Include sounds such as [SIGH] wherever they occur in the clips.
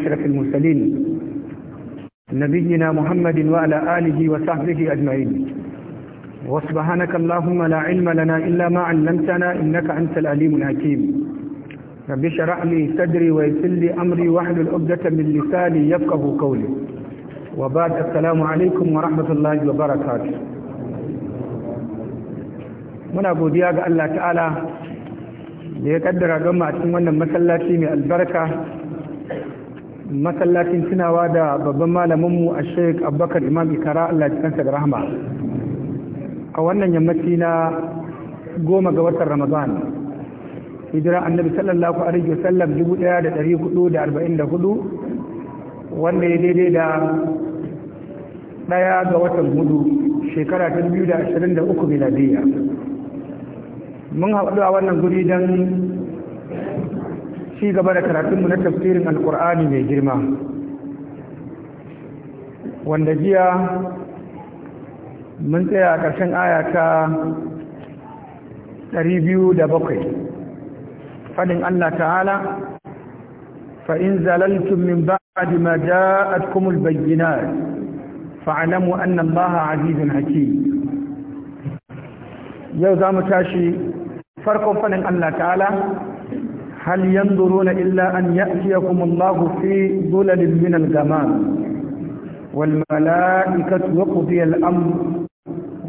أشرف المرسلين نبينا محمد وعلى آله وصحبه أجمعين وسبحانك اللهم لا علم لنا إلا ما علمتنا إنك أنت العليم الحكيم رب اشرح لي صدري ويسر لي أمري واحلل عقدة من لساني يفقه قولي وبعد السلام عليكم ورحمة الله وبركاته من أبو دياغ الله تعالى ليقدر أجمع kaddara مسلاتي من البركة masallacin tunawa da babban malaminmu a shek abubakar imam ikara allah cikinsa da rahama a wannan yammaci na goma ga watan ramadan hijira annabi sallallahu alaihi wasallam 1444 wanda ya daidai da daya ga watan hudu shekara ta 2023 miladiya mun haɗu a wannan guri don ci gaba da karatunmu na tafsirin alkur'ani mai girma wanda jiya mun tsaya a ƙarshen aya da 207 faɗin Allah ta'ala fa'in zalaltun min ba'ad ma ja'atkumul bayyinat fa'alamu annan baha azizun hakim yau za mu tashi farkon faɗin Allah ta'ala hal yanzuruna illa an ya'tiyakum Allahu fi dhulalin min al-ghamam wal mala'ikatu wa qudiya al-amr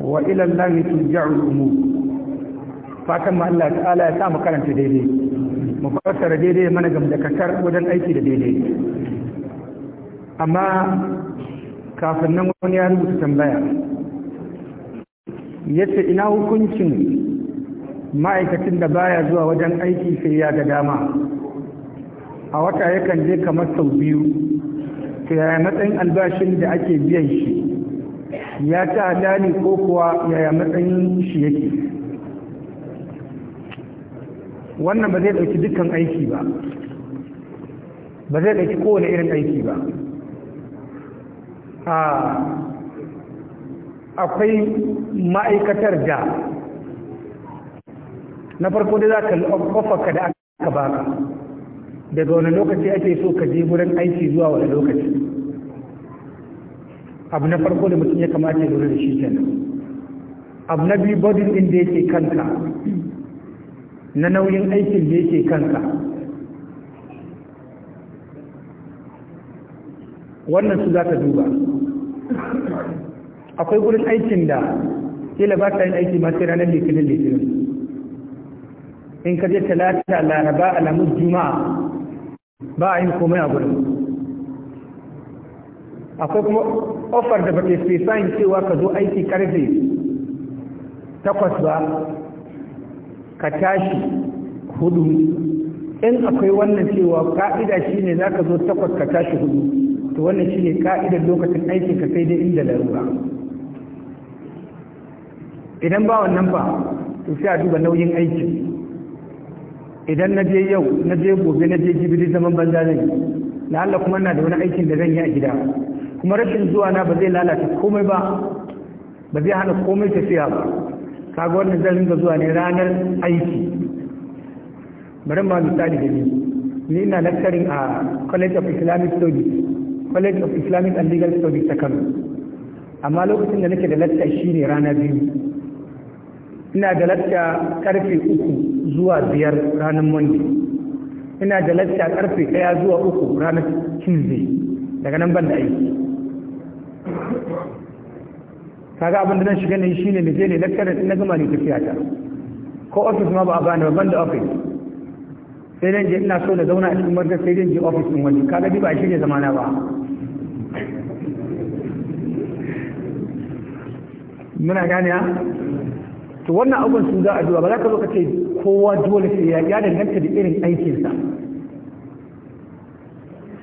wa ila Allahi turja'u al-umur fatan ma Allah ta'ala ya sa mu karanta daidai mu fassara daidai mana gam da kasar wajen aiki da daidai amma kafin nan wani ya rubuta tambaya yace ina hukuncin ma'aikacin da baya zuwa wajen aiki sai ya ga dama a wata yakan je kamar sau biyu to yaya matsayin albashin da ake biyan shi ya ta dani ko kuwa yaya matsayin shi yake wannan ba zai ɗauki dukkan aiki ba ba zai ɗauki kowane irin aiki ba ah, akwai ma'aikatar da na farko dai za ka kofarka da aka baka daga wani lokaci ake so ka je wurin aiki zuwa wani lokaci abu na farko da mutum ya kamata ya da shi kenan abu na biyu bodin din da yake kanka na nauyin aikin da yake kanka wannan su za ka duba akwai wurin aikin da kila ba ta yin aiki masu ranar litinin litinin in ka je talata laraba alamun juma'a ba a yin komai a gudun akwai kuma ofar da ba ta fi yin cewa ka zo aiki karfe takwas ba ka tashi hudu in akwai wannan cewa ka'ida shine za ka zo takwas ka tashi hudu to wannan shine ka'idar lokacin aikin ka sai dai inda larura idan ba wannan ba to sai a duba nauyin aikin idan na je yau na je gobe na je jibiri zaman banza zai, na Allah kuma na da wani aikin da zan yi a gida kuma rashin zuwa na ba zai lalata komai ba ba zai hana komai tafiya ba kaga wannan zan ringa zuwa ne ranar aiki bari ma misali da ni ni ina lecturing a College of Islamic Studies College of Islamic and Legal Studies ta Kano amma lokacin da nake da lecture shine rana biyu ina da lacca karfe uku zuwa biyar ranar monday ina da lacca karfe ɗaya zuwa uku ranar tuesday daga nan ban da aiki kaga abin da zan shiga ne shine ne je ne lacca da na gama ne tafiya ta ko ofis ma ba a bani ba ban da ofis sai dan je ina so da zauna a cikin marka sai dan je ofis din wani kaga ba a shirya zamana ba muna gane to wannan abun su za a duba ba za ka zo ka ce kowa dole sai ya ya danganta da irin aikinsa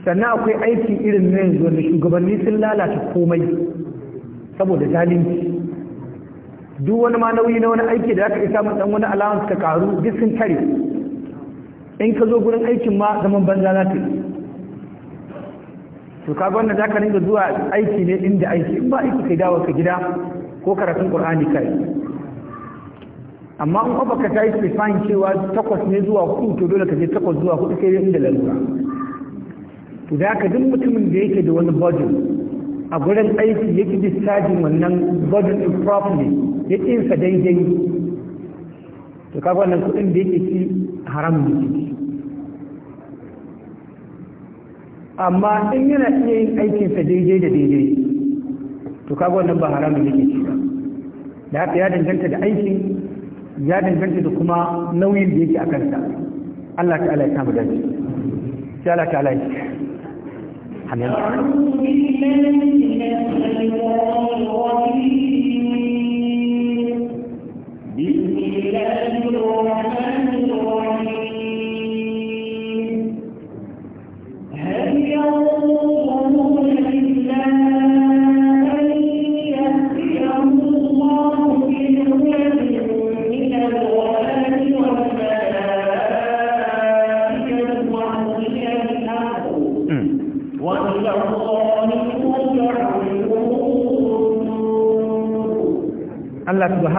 sannan akwai aiki irin na yanzu wanda shugabanni sun lalata komai saboda zalunci duk wani ma nauyi na wani aiki da aka isa dan wani allowance ka karu duk sun tare in ka zo gurin aikin ma zaman banza za ta yi to ka wannan zaka ringa zuwa aiki ne inda aiki in ba aiki kai dawo ka gida ko karatun qur'ani kai amma in kafa ka tayi specifying cewa takwas ne zuwa hudu to dole ka je takwas zuwa hudu sai dai inda lalura to da haka duk mutumin da yake da wani budget a gurin aiki yake discharging wannan budget din properly ya kinsa daidai to kaga wannan kudin da yake ci haram ne amma in yana iya yin aikinsa daidai da daidai to kaga wannan ba haramun yake ci ba da haka ya danganta da aikin ya danganta da kuma nauyin da yake a kansa Allah ta'ala ya kama dace sai Allah ta'ala ya amin بسم الله الرحمن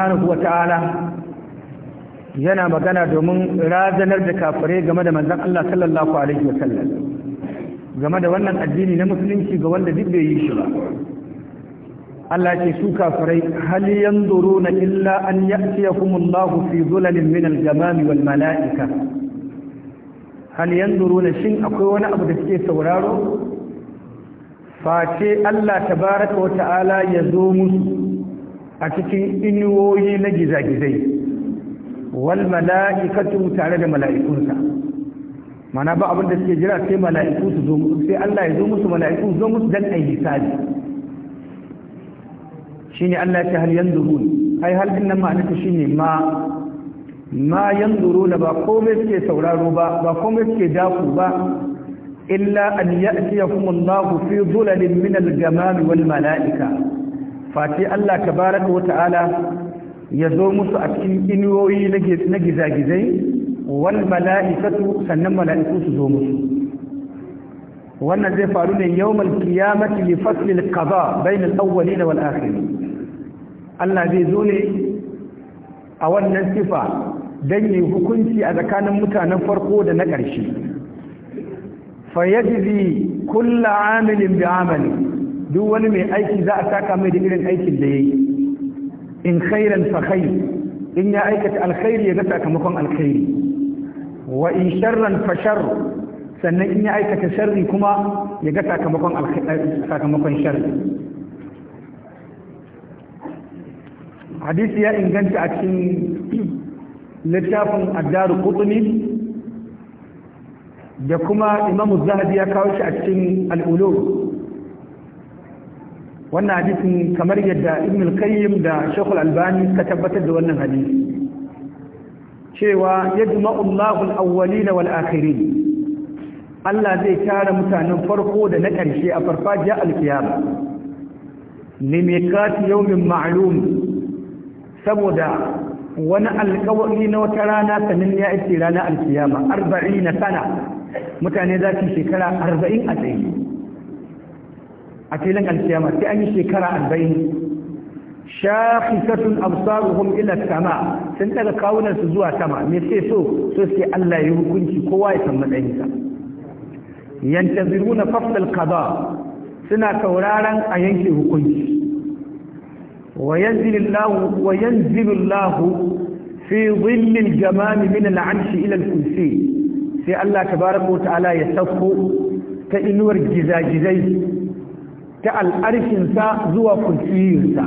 subhanahu wa ta'ala yana magana domin razanar da kafirai game da manzon Allah sallallahu alaihi wa sallam game da wannan addini na musulunci ga wanda duk bai yi shi ba Allah ke su kafirai hal yanzuruna illa an ya'tiyakumullahu fi zulalin min al-gamami wal mala'ika hal yanzuruna shin akwai wani abu da suke sauraro face Allah tabaraka wa ta'ala ya zo musu a cikin inuwoyi na gizagizai wal mala'ikatu tare da mala'ikunsa mana ba abin da suke jira sai mala'iku su zo musu sai Allah ya zo musu mala'iku zo musu dan ayi hisabi shine Allah ya ce hal yanzurun ai hal din nan ma'anarta shine ma ma yanzuruna ba komai suke sauraro ba ba komai suke dafu ba illa an ya'tiyakum Allahu fi dhulalin min al-ghamam wal mala'ika Fati Allah tabaraka wa ta'ala ya zo musu a cikin inuwoyi na gizagizai wal mala'ikatu sannan mala'iku su zo musu wannan zai faru ne yawmal qiyamati li fasli al qada bain al awwalin wal Allah zai zo ne a wannan sifa dan yi hukunci a tsakanin mutanen farko da na ƙarshe fa yajzi kullu amilin bi amali duk wani mai aiki za a saka mai da irin aikin da ya yi in khairan fa khair in ya aikata alkhairi ya ga sakamakon alkhairi wa in sharran fa shar sannan in ya aikata sharri kuma ya ga sakamakon eh, sakamakon sharri hadisi ya inganta a cikin littafin addaru qutni da kuma imamu zahadi ya kawo shi a cikin al'ulum wannan hadisin kamar yadda ibn al-qayyim da shekul albani suka tabbatar da wannan hadisi cewa yajma'u Allahu al-awwalin wal akhirin Allah zai tara mutanen farko da na ƙarshe a farfajiyar alkiyama ne mai kati yaumin ma'lum saboda wani alƙawari na wata rana sanin ya ake rana alkiyama arba'in na sana mutane za su shekara arba'in a tsaye a filin alkiyama sai an yi shekara arba'in shakhisatun absaruhum ila sama sun daga kawunan su zuwa sama me sai so so sai Allah ya hukunci kowa ya san matsayinsa yantaziruna fasl alqada suna tauraron a yanke hukunci wa yanzilillahu wa yanzilullahu fi dhillil jamami min al'arshi ila al-kursi sai Allah tabaaraka wa ta'ala ya sauko ta inuwar gizagizai ta al'arshinsa zuwa kursiyinsa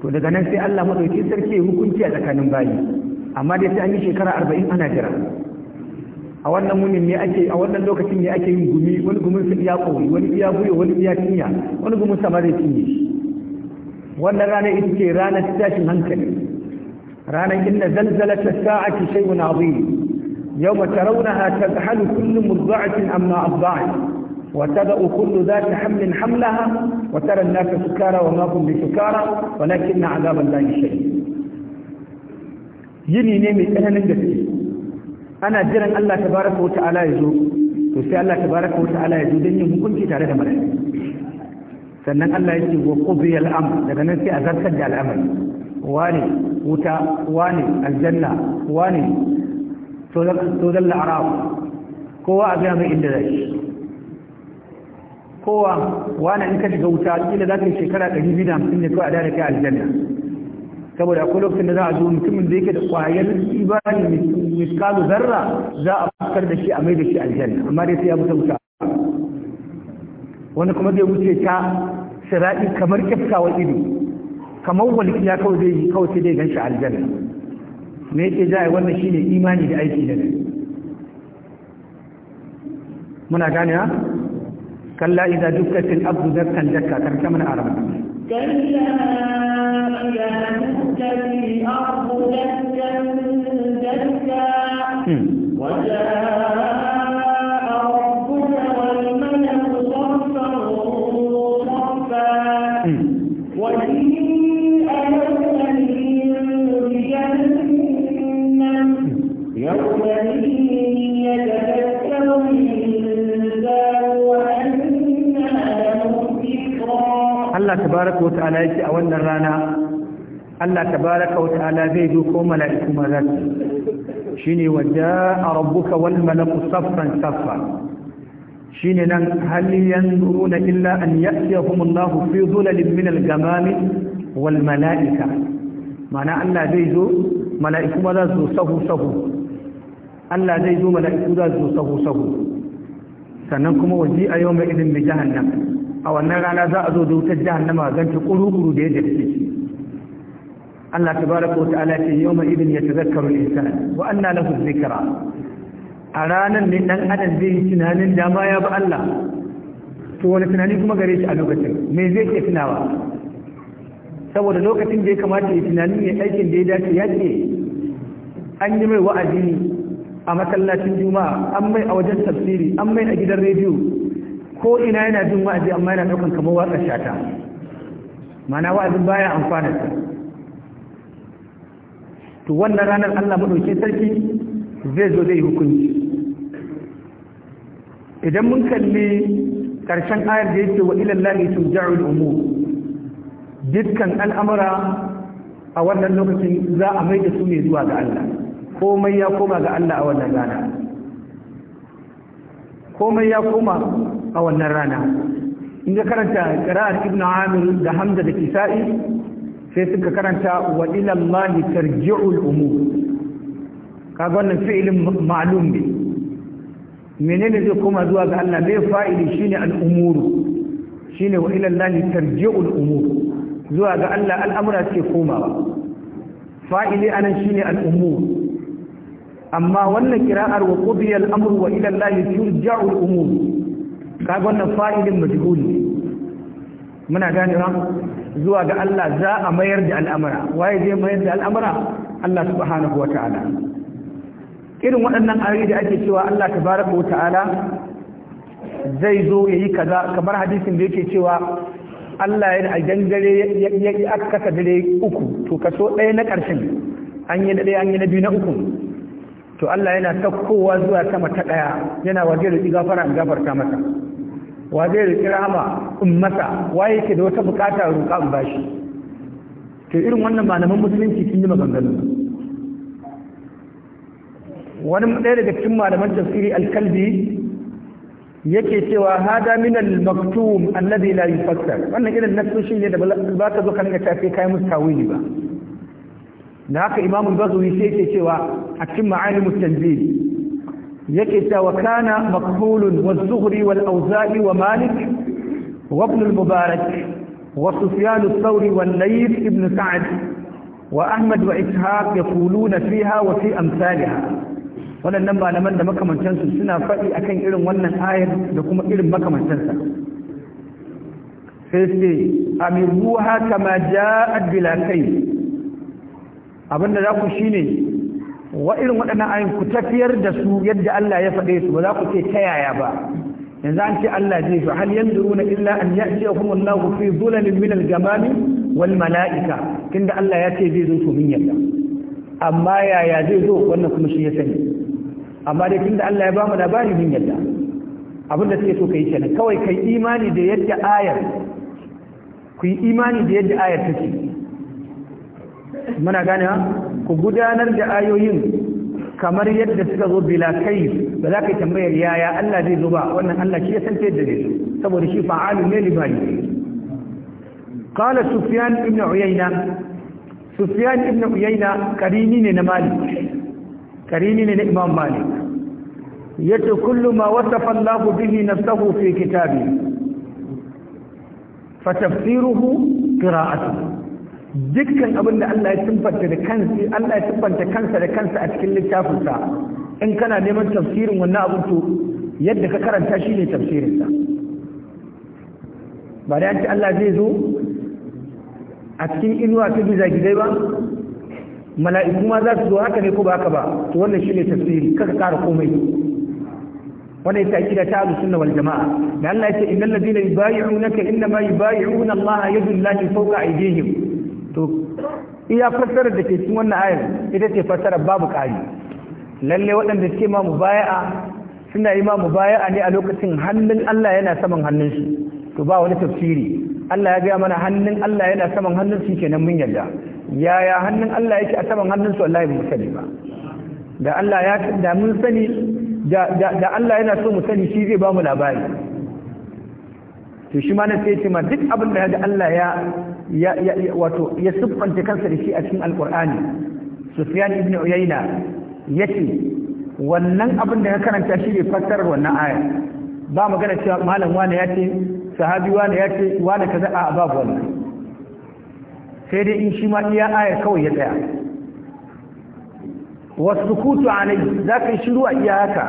to daga nan sai Allah madauki sarki hukunci a tsakanin bayi amma dai sai an yi shekara arba'in ana jira a wannan munin ne ake a wannan lokacin ne ake yin gumi wani gumin su iya koyi wani iya buyo wani iya cinya wani gumin sama zai cinye wannan rana ita ce ranar tashin hankali ranar inna zalzalata sa'ati shay'un azim yawma tarawunaha tadhalu kullu murda'atin amma arda'at وتضع كل ذات حمل حملها وترى الناس سكارى وما هم بسكارى ولكن عذاب الله شديد yini ne mai tsananin gaske ana jiran Allah tabaraka wa ta'ala ya zo to sai Allah tabaraka wa ta'ala ya zo don yin hukunci tare da mala'iku sannan Allah yake wa qudiya al-amr daga nan sai a zartar da al'amari wani wuta wani aljanna wani to dal arab kowa a ga mai inda zai kowa wani in ka shiga wuta kila za ka yi shekara 250 ne kawai a dare kai aljanna saboda akwai lokacin da za a zo mutumin da yake da kwayar ibani miskalu zarra za a fuskar da shi a mai da shi aljanna amma dai sai ya mutu wuta wani kuma zai wuce ta sira'i kamar kyaftawa ido kamar walƙiya kawai zai yi kawai sai dai ganshi aljanna me yake za a yi wannan ne imani da aiki da muna gane ha كلا إذا دكت الأرض دكا دكا كركا من أعرف كلا إذا دكت الأرض دكا دكا وجاء tabaraka wa ta'ala yake a wannan rana Allah tabaraka wa ta'ala zai zo ko mala'iku maza shine a rabbuka wal malaku saffan saffa shine nan hal yanzuruna illa an ya'tiyahumullahu fi dhulalin min al-gamami wal mala'ika mana Allah zai zo mala'iku ma su sahu sahu Allah zai zo mala'iku za su sahu sahu sannan kuma waji a yau mai idin bi jahannam a wannan rana za a zo da wutar jahannama ganta kurukuru da yadda take ciki Allah tabaraka wa ta'ala ce yawma idin yatazakkaru al-insan wa anna lahu dhikra a ranan ne dan adam zai yi tunanin da ma ya bi Allah to wani tunani kuma gare shi a lokacin me zai ke tunawa saboda lokacin da ya kamata ya tunani ne aikin da ya dace ya ce an yi mai wa'azi a masallacin juma'a an mai a wajen tafsiri an mai a gidan rediyo ko ina yana jin wa'azi amma yana ɗaukan kamar waƙar shata mana wa'azin baya amfana ta to wannan ranar Allah madauki sarki zai zo zai hukunci idan mun kalli karshen ayar da yake wa ila Allah turja'ul umur dukkan al'amura a wannan lokacin za a mai da su ne zuwa ga Allah komai ya koma ga Allah a wannan rana komai ya koma a wannan rana in ga karanta ƙira'ar ibn amir da hamza da kisa'i sai suka karanta wa ilallahi tarji'ul Ka ga wannan fi'ilin ma'lum ne menene zai koma zuwa ga Allah mai fa'ili shine al-umur shine wa ilallahi tarji'ul umur zuwa ga Allah al'amura ce komawa fa'ili anan shine al-umur amma wannan kira'ar wa qudiya al wa ila Allah turja'u al-umur ga wannan fa'ilin majhul muna gane ra zuwa ga Allah za a mayar da al'amura waye zai mayar da al'amura Allah subhanahu wa ta'ala irin waɗannan ayoyi da ake cewa Allah tabaraka wa ta'ala zai zo yayi kaza kamar hadisin da yake cewa Allah ya dangare ya aka dare uku to kaso ɗaya na ƙarshen an yi na ɗaya an yi na biyu na uku to Allah yana saukowa zuwa sama ta ɗaya yana waje da gafara in gafarta masa waje da kirama in masa waye ke da wata bukata ruƙa in bashi to irin wannan malaman musulunci sun yi maganganu wani ɗaya daga cikin malaman tafsiri alkalbi yake cewa hada min al-maktum alladhi la yufassar wannan irin nasoshin ne da ba ka zo ta rinka tafi kai musu tawili ba da haka imam al-bazawi sai yake cewa a cikin ma'alimut tanzil yake cewa kana maqbulun wa zuhri wal auza'i wa malik wa ibn al-mubarak wa sufyan ath-thawri wal layth ibn sa'd wa ahmad wa ishaq yaquluna fiha wa fi amsalha wadannan malaman da makamantansu suna faɗi akan irin wannan ayar da kuma irin makamantansa sai sai amiruha kama ja'at bila kai abinda za ku shine wa irin waɗannan ayin ku tafiyar da su yadda Allah ya faɗe su ba za ku ce ta yaya ba yanzu an ce Allah zai su hal yanzu yanzuruna illa an ya'tiyahum ku fi zulalin min al-gamami wal mala'ika tunda Allah ya ce zai zo su min yadda amma yaya zai zo wannan kuma shi ya sani amma dai tunda Allah ya ba mu labari min yadda abinda sai so kai kenan kawai kai imani da yadda ayar ku yi imani da yadda ayar take muna gane ku gudanar da ayoyin kamar yadda suka zo bila kai ba za ka yi tambayar yaya Allah zai zo ba wannan Allah shi ya san ta yadda zai saboda shi fa'alu ne libani qala sufyan ibn uyayna sufyan ibn uyayna karimi ne na malik karimi ne na imam malik yace kullu ma wasafa Allah bihi nafsuhu fi kitabi fa tafsiruhu qira'atuhu dukkan abin da Allah ya tabbata da kansa Allah ya tabbata kansa da kansa a cikin littafinsa in kana neman tafsirin wannan abin to yadda ka karanta shi ne tafsirinsa ba da yanci Allah zai zo a cikin inuwa ta biza gidai ba mala'iku ma za su zo haka ne ko ba haka ba to wannan shi ne tafsiri kaka kara komai wannan ita akida ta ahlus sunna wal jamaa da Allah ya ce innal ladina yubayyi'unaka inma yubayi'una Allah yadullahi fawqa aydihim to iya fassara da ke cikin wannan ayar ita ce fassara babu ƙari lalle waɗanda suke ma baya'a suna yi ma baya'a ne a lokacin hannun Allah yana saman hannun shi to ba wani tafsiri Allah ya gaya mana hannun Allah yana saman hannun shi kenan mun yarda yaya hannun Allah yake a saman hannun su wallahi mu sani ba da Allah ya da mun sani da da Allah yana so mu sani shi zai ba mu labari to shi ma na sai ce ma duk abin da ya ga Allah ya wato ya siffanta kansa da shi a cikin alkur'ani sufyan ibn uyayna yace wannan abin da ka karanta shi ne fassarar wannan aya ba magana cewa malam wani ya ce sahabi wani ya ce wani kaza a babu wannan sai dai in shi ma iya aya kawai ya tsaya wasukutu alai za ka shiru a iya haka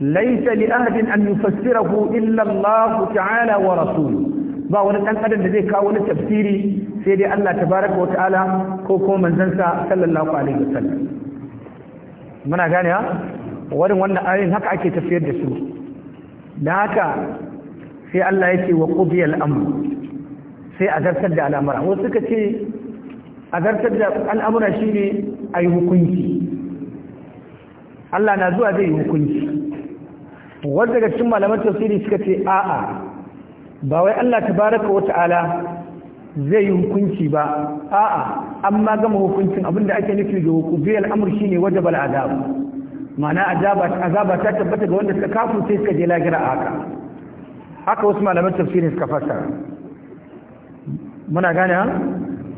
laisa li ahadin an yufassirahu illa Allah ta'ala wa rasulu ba wani dan adam da zai kawo wani tafsiri sai dai Allah tabaraka wa ta'ala ko kuma manzansa sallallahu alaihi wasallam muna gane ha Wurin wannan ayin haka ake tafiyar da su dan haka sai Allah yake wa qudiyal amr sai a gartar da al'amura wasu suka ce a gartar da al'amura shine ayi hukunci Allah na zuwa zai yi hukunci wanda daga cikin malaman tafsiri suka ce a'a ba wai Allah Ta baraka wa ta'ala zai yi hukunci ba a'a amma gama hukuncin abinda ake nufi da hukubi al'amur shine wajabal azab ma'ana azaba ta tabbata ga wanda suka kafu sai suka je lagira a haka haka wasu malaman tafsirin suka fassara muna gane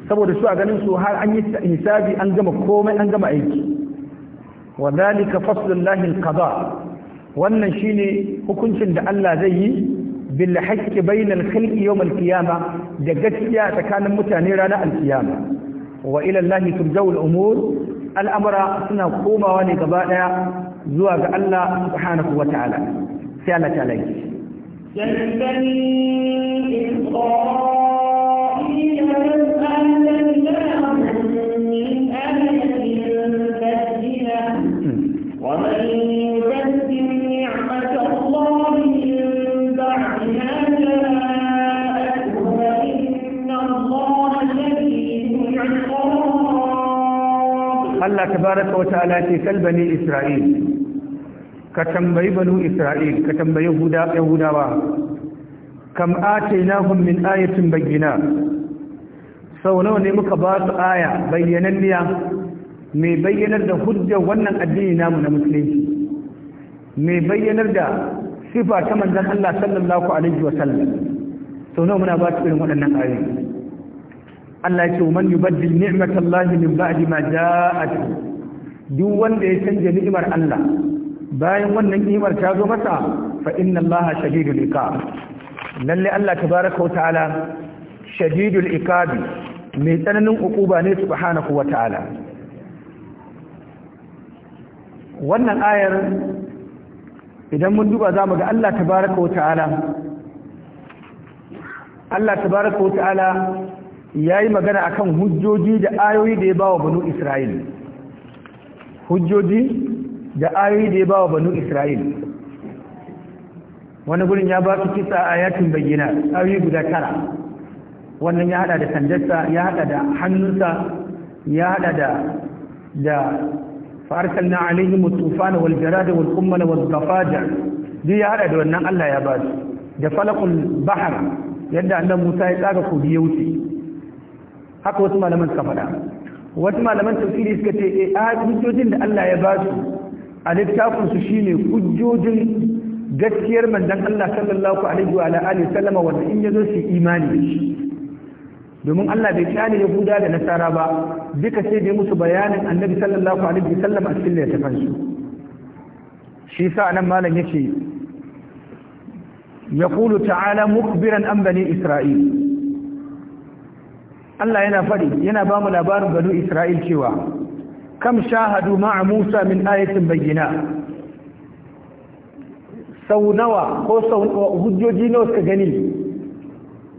saboda su a ganin su har an yi hisabi an gama komai an gama aiki wa zalika faslullahi alqada wannan shine hukuncin da Allah zai yi بالحق بين الخلق يوم القيامة جدتيا تكان متانيرا القيامة وإلى الله ترجو الأمور الأمر سنقوم ونقبانا زواج الله سبحانه وتعالى سيالة عليك جدني Amen. Allah tabaraka wata'ala ce kal bani isra'il ka tambayi banu isra'il ka tambayi yahudawa kam atainahum min ayatin bayyina sau nawa ne muka ba su aya bayyananniya mai bayyanar da hujjar wannan addini namu na musulunci mai bayyanar da sifa ta manzon Allah sallallahu alaihi wa sallam sau nawa muna ba su irin waɗannan ayoyi Allah ya ce man yubaddil ni'matallahi min ba'di ma ja'at duk wanda ya canja ni'imar Allah bayan wannan ni'imar ta zo masa fa inna Allah shadidul iqab lalle Allah tabaaraka wa ta'ala shadidul iqab mai tsananin ukuba ne subhanahu wa ta'ala wannan ayar idan mun duba zamu ga Allah tabaaraka wa ta'ala Allah tabaaraka wa ta'ala ya yi magana akan hujjoji da ayoyi da ya ba wa banu isra'il hujjoji da ayoyi da ya ba wa banu isra'il wani gurin ya ba su kisa a yakin bayyana ayoyi guda tara wannan ya hada da sandarsa ya hada da hannunsa ya hada da da waljara da الطوفان والجراد والقمل Bi ya hada da wannan Allah ya ba su da falakul bahar yadda annabi Musa ya tsaga ku ya wuce haka wasu malaman suka faɗa wasu malaman tafsiri suka ce eh, a hujjojin da Allah ya ba su a littafin su shine hujjojin gaskiyar manzon Allah sallallahu alaihi wa alihi sallama wanda in yazo su imani da shi domin Allah bai kyale Yahuda da Nasara ba duka sai da musu bayanin Annabi sallallahu alaihi wa sallam a cikin littafin su shi sa nan malam yace yaqulu ta'ala mukbiran an bani إسرائيل Allah yana fari yana ba mu labarin banu Isra'il cewa kam shahadu ma'a Musa min ayatin bayyana sau nawa ko sau hujjoji nawa suka gani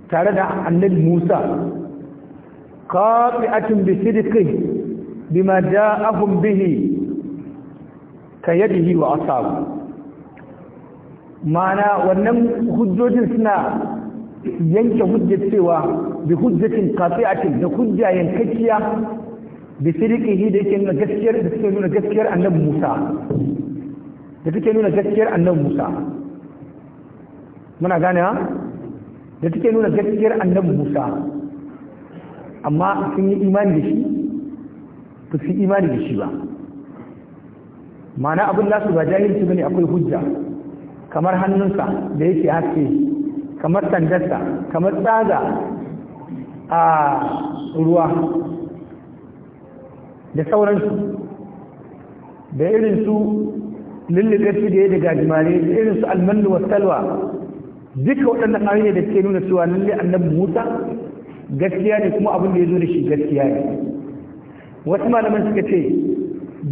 tare da annabi Musa qati'atun bi ma bima ja'ahum bihi kayadihi wa asabu mana wannan hujjojin suna yanke hujjar cewa bihujjatin hujjatin qati'atin da hujja yankakkiya bi sirqihi da yake nuna gaskiyar da take nuna gaskiyar annabi Musa da take nuna gaskiyar annabi Musa muna gane ha da take nuna gaskiyar annabi Musa amma sun yi imani da shi ba su imani da shi ba mana abin su ba jahilci bane akwai hujja kamar hannunsa da yake haske kamar sandarsa kamar tsaga a ruwa da sauransu da irinsu lullube su da ya da gajimare da irinsu almanu wa talwa. duka waɗannan ne da ke nuna cewa lalle annabi musa gaskiya ne kuma abin da ya zo da shi gaskiya ne wasu malaman suka ce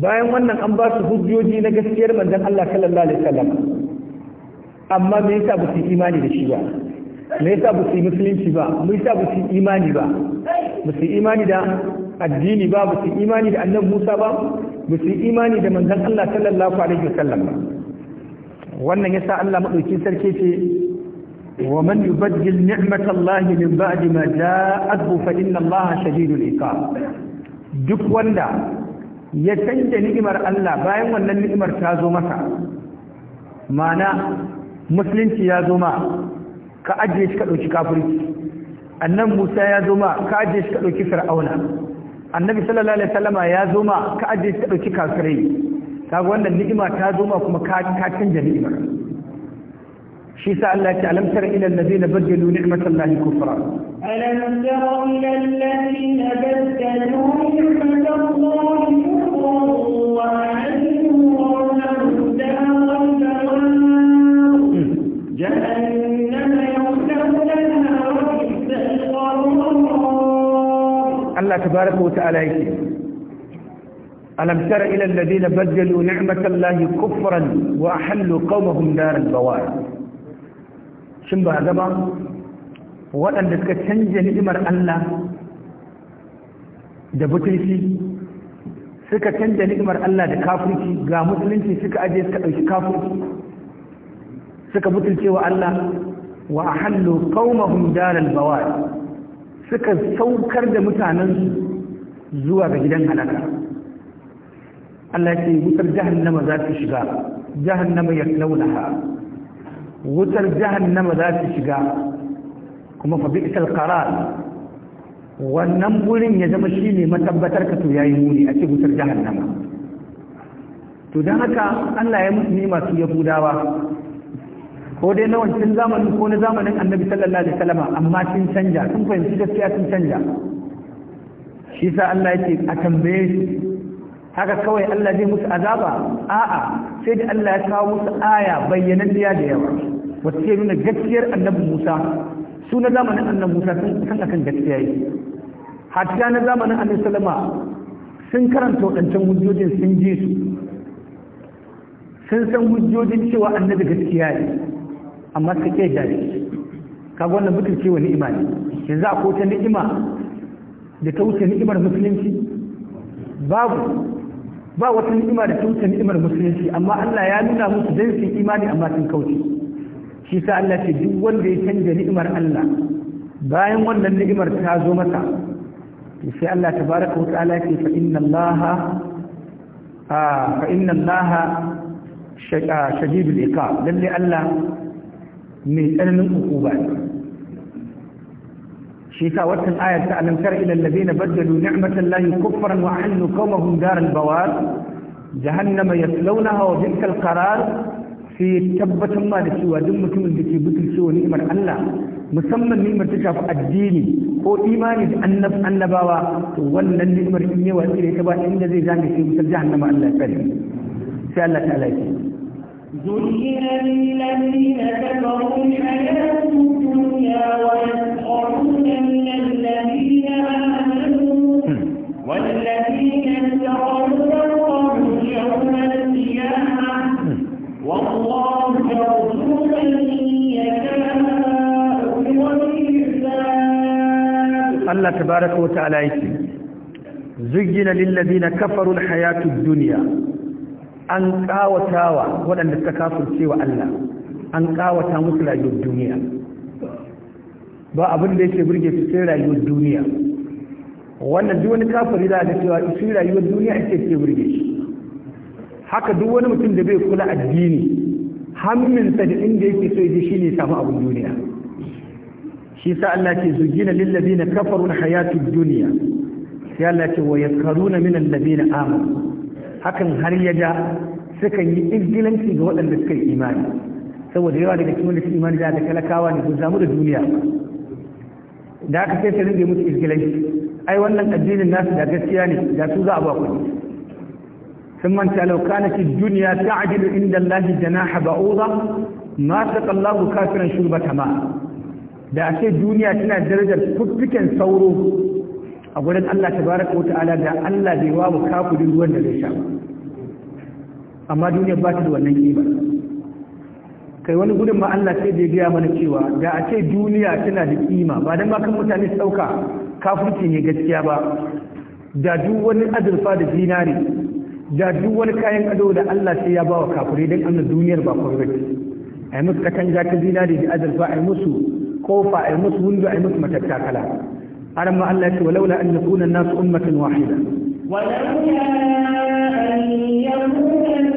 bayan wannan an ba su hujjoji na gaskiyar manzon allah sallallahu alaihi wasallam amma me yasa ba su imani da shi ba me yasa ba su yi musulunci ba mu yasa ba su yi imani ba ba su yi imani da addini ba ba su yi imani da annabi Musa ba ba su yi imani da manzon Allah sallallahu alaihi wasallam ba wannan yasa Allah madauki sarki ce wa man yubaddil ni'matallahi min ba'di ma ja'athu fa inna Allah shadidul iqab duk wanda ya canja ni'imar Allah bayan wannan ni'imar ta zo masa mana musulunci ya zo ma ka ajiye shi ka ɗauki kafirci annan musa ya zo ma ka ajiye shi ka ɗauki fir'auna annabi sallallahu alaihi wasallama ya zo ma ka ajiye shi ka ɗauki kafirai kaga wannan ni'ima ta zo ma kuma ka ka canja ni'imar shi sa Allah ya ce alam tara ila alladhina badalu ni'matallahi kufra alam tara ila alladhina badalu ni'matallahi kufra Allah tabaraka wa ta'ala yake alam tara ila alladhina baddalu ni'matallahi kufran wa ahallu qaumahum dar al-bawar shin ba gaba waɗanda suka canja ni'imar Allah da butulci suka canja ni'imar Allah da kafirci ga musulunci suka aje suka ɗauki kafirci suka butulce wa Allah wa ahallu qaumahum dar al-bawar suka saukar da mutanen zuwa ga gidan halaka Allah ce wutar jahannama za ta shiga jahannama ya launaha wutar jahannama za ta shiga kuma fa bi'sal qarar wannan wurin ya zama shi ne matabbatar ka to yayi muni a ce wutar jahannama to dan haka Allah ya musu nima masu yahudawa ko dai na wancan zamanin ko na zamanin annabi sallallahu alaihi wasallam amma sun canja sun fahimci gaskiya sun canja shi sa Allah yake a tambaye su haka kawai Allah zai musu azaba a'a sai da Allah ya kawo musu aya bayyanan da yawa wacce ke nuna gaskiyar annabi Musa su na zamanin annabi Musa sun san akan gaskiya yi hatta na zamanin annabi sallama sun karanta wadancan hujjojin sun je su sun san hujjojin cewa annabi gaskiya ne amma suka ke jari kaga wannan wa wani imani yanzu a kota ni'ima da ta wuce ni'imar musulunci babu ba wata ni'ima da ta wuce ni'imar musulunci amma Allah ya nuna musu don sun imani amma sun kauce shi sa Allah ce duk wanda ya canja ni'imar Allah bayan wannan ni'imar ta zo masa sai Allah ka wa ta'ala ce fa inna Allah fa inna Allah shadidul iqab lalle Allah mai tsananin hukuma shi ta watan ayar ta alam tara ila alladhina badalu ni'matallahi kufran wa ahallu qawmahum daral bawar jahannama yaslawnaha wa bi'sal qarar sai tabbatar ma da cewa duk mutumin da ke butulce wa ni'imar Allah musamman ni'imar ta shafi addini ko imani da annabawa to wannan ni'mar in yawa tsire ta ba inda zai zame sai wutar jahannama Allah ya sai Allah ta alaƙi زين للذين كفروا الحياة الدنيا ويسخرون من الذين آمنوا والذين اتقوا الله يوم والله تبارك وتعالى زين للذين كفروا الحياة الدنيا an wa waɗanda suka kafurce wa Allah an ƙawata musu rayuwar duniya ba abin da yake burge su sai rayuwar duniya wannan duk wani kafiri da aka cewa shi rayuwar duniya ake ke burge shi haka duk wani mutum da bai kula addini hamminsa da inda yake so yaje shine samu abin duniya shi sa Allah ke zujina lil ladina kafaru hayatud dunya sai Allah ce wa yakaruna min alladina amanu hakan har ya ja sukan yi ingilanci ga waɗanda suka yi imani saboda yawa daga cikin wanda suka imani da talakawa ne su mu da duniya da aka sai su rinda musu izgilanci ai wannan addinin nasu da gaskiya ne da su za a ba kuɗi sun manta laukana ci duniya ta ajilu inda Allah janaha ba'uda ma ta kallahu kafiran ta ma da a ce duniya tana darajar fuffiken sauro a gurin Allah tabaraka wata ala da Allah bai wa mu kafirin ruwan da zai sha ba amma duniyar ba ta da wannan kima kai wani gudun ma Allah sai bai gaya mana cewa da a ce duniya tana da kima ba dan maka mutane su dauka kafirci ne gaskiya ba da duk wani azurfa da zinari da duk wani kayan ado da Allah sai ya ba wa kafirai dan annabi duniyar ba komai ai musu katanga zinari da azurfa ai musu kofa ai musu windo ai musu matattakala har ma Allah ya ce walaula an yakuna an-nasu ummatan wahida walaula an yakuna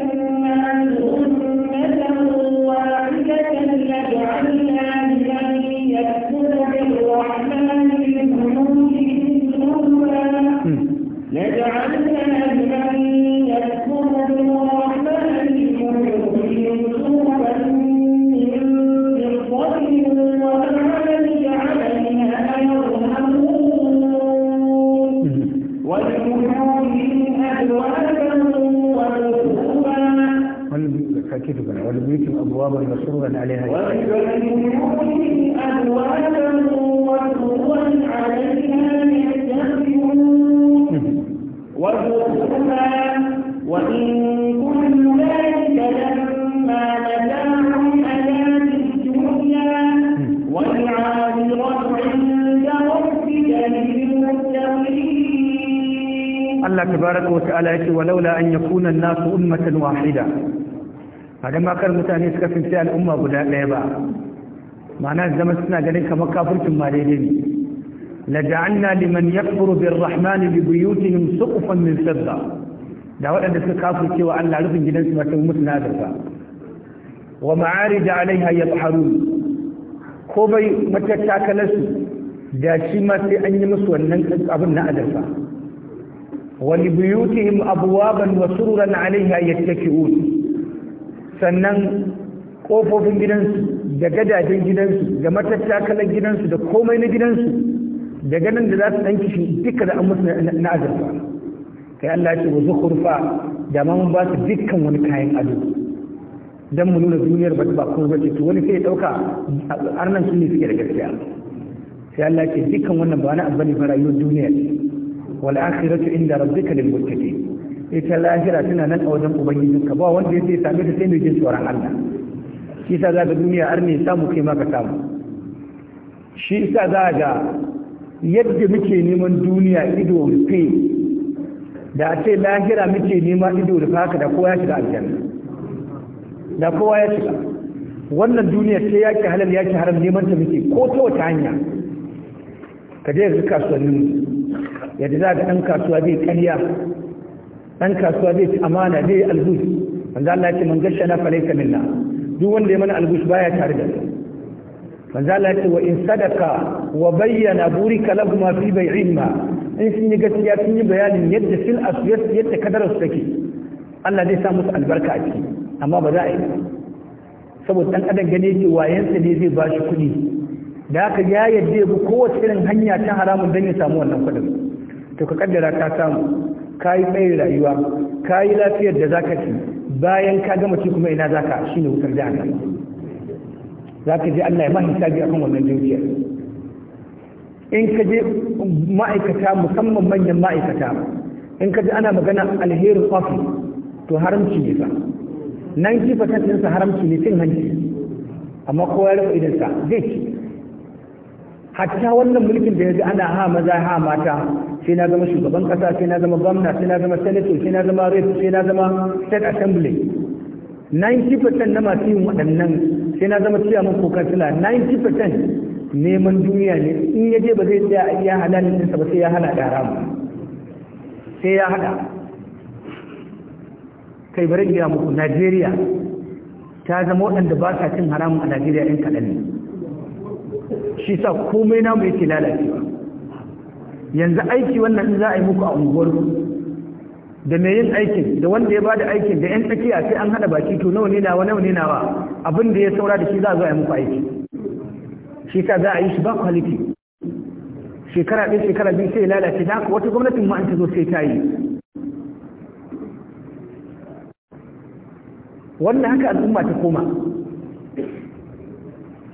Yeah. Hmm. كذبا ولبيوتهم ابوابا مسرورا عليها عليها وان كل ذلك لما الدنيا عند ربك الله تبارك وتعالى يقول ولولا أن يكون الناس أمة واحدة A da makar mutane suka fince al'umma guda ɗaya ba ma'ana zama suna ganin kamar kafircin ma daidai ne la ja'alna liman yakfuru bir rahmani bi buyutihim suqfan min sabba. da waɗanda suka kafirce wa Allah rufin gidansu ba sai mutu na ba wa ma'arij alaiha yadharun ko bai matattakalarsu da shi ma sai an yi musu wannan abin na adarfa wali buyutihim abwaban wa sururan alaiha yattaki'un sannan ƙofofin gidansu da gadajen gidansu da matattakalar gidansu da komai na gidansu da ganin da za su ɗan kishi duka da an musu na azurfa kai Allah ce wa zukurfa da ma mun ba su dukkan wani kayan ado don mu nuna duniyar ba ba ko bace to wani sai ya dauka arnan sun ne suke da gaskiya sai Allah ce dukkan wannan ba na abani ba rayuwar duniya wal akhiratu inda rabbika lil muttaqin ita lahira tana nan a wajen ubangijinka ba wanda ya sai same ta sai mai jin tsoron Allah shi sa za ga duniya har ne samu kai ma ka samu shi sa za ga yadda muke neman duniya ido rufe da a ce lahira muke nema ido rufe haka da kowa ya shiga aljanna da kowa ya shiga wannan duniya sai yaki halal yaki haram neman ta muke ko ta wata hanya ka je ga kasuwannin yadda za ka ɗan kasuwa zai karya dan kasuwa zai ci amana zai albus manzo Allah ya ce man gashana laysa minna duk wanda ya mana albus baya tare da manzo Allah ya ce wa in sadaka wa bayyana burika lahum fi bai'ihima in sun yi gaskiya sun yi bayanin yadda fil asiyat yadda kadara su take Allah zai sa musu albarka a ciki amma ba za a yi saboda dan adam gane yake wayansa ne zai bashi kuɗi da aka ya yadda ya bi kowace irin hanya ta haramun dan ya samu wannan kuɗin to ka kaddara ka samu ka yi tsayin rayuwa ka yi lafiyar da za ka ci bayan ka gama ci kuma ina za ka shi ne wutar jihar za ka je allah ya ma hisabi kan wannan dukiyar in ka je ma'aikata musamman manyan ma'aikata in ka je ana magana alherin ofi to haramci ne fa nan kifa kantinsa haramci ne cin hanci amma kowa ya rufe idansa zai ci hatta wannan mulkin da ya ji ana ha maza ha mata sai na zama shugaban kasa sai na zama gwamna sai na zama senator sai na zama rep sai na zama state assembly 90% na masu yin waɗannan sai na zama mun ko kansila 90% neman duniya ne in ya je ba zai tsaya a iya halalin ɗinsa ba sai ya hana da haramu sai ya haɗa kai bari gaya muku najeriya ta zama waɗanda ba sa cin haramun a najeriya ɗin kaɗan ne shi sa komai namu yake lalacewa yanzu aiki wannan za a yi muku a unguwar da mai yin aikin da wanda ya bada aikin da yan tsakiya sai an hada baki to nawa ne nawa nawa ne nawa abin da ya saura da shi za a zo a yi muku aiki shi sa za a yi shi ba quality shekara ɗin shekara biyu sai lalace da haka wata gwamnatin ma an ta zo sai ta yi wannan haka al'umma ta koma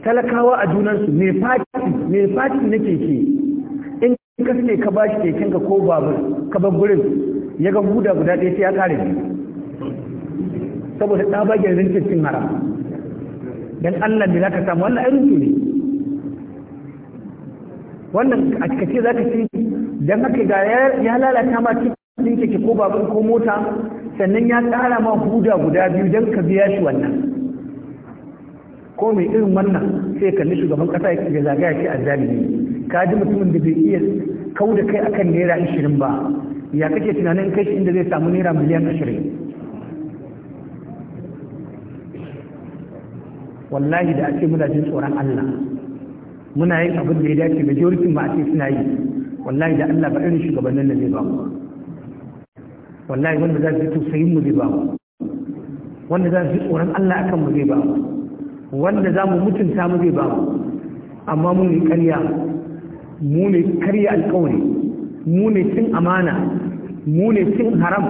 talakawa a junansu mai fati mai fati na keke in ka suke ka bashi keken ka ko babur ka gurin ya ga huda guda ɗaya sai ya kare ne saboda tsabagen rinkin cin haram dan Allah ne zaka samu wannan irin ne wannan a cikace zaka ci dan haka ga ya lalata ma cikin keke ko babur ko mota sannan ya tsara ma huda guda biyu dan ka biya shi wannan ko mai irin wannan sai nishi shugaban kasa ya zagaya shi a zalimi ka ji mutumin da bai iya kau da kai akan naira ashirin ba ya kake tunanin kai shi inda zai samu naira miliyan ashirin wallahi da ake muna jin tsoron Allah muna yin abin da ya dace majority ma ake suna yi wallahi da Allah ba irin shugabannin da zai ba wallahi wanda za su yi tausayin mu zai ba wanda za su yi tsoron Allah akan mu zai ba mu wanda za mu mutunta mu zai ba mu amma mu ne karya mu ne karya alkawari mu ne cin amana mu ne cin haram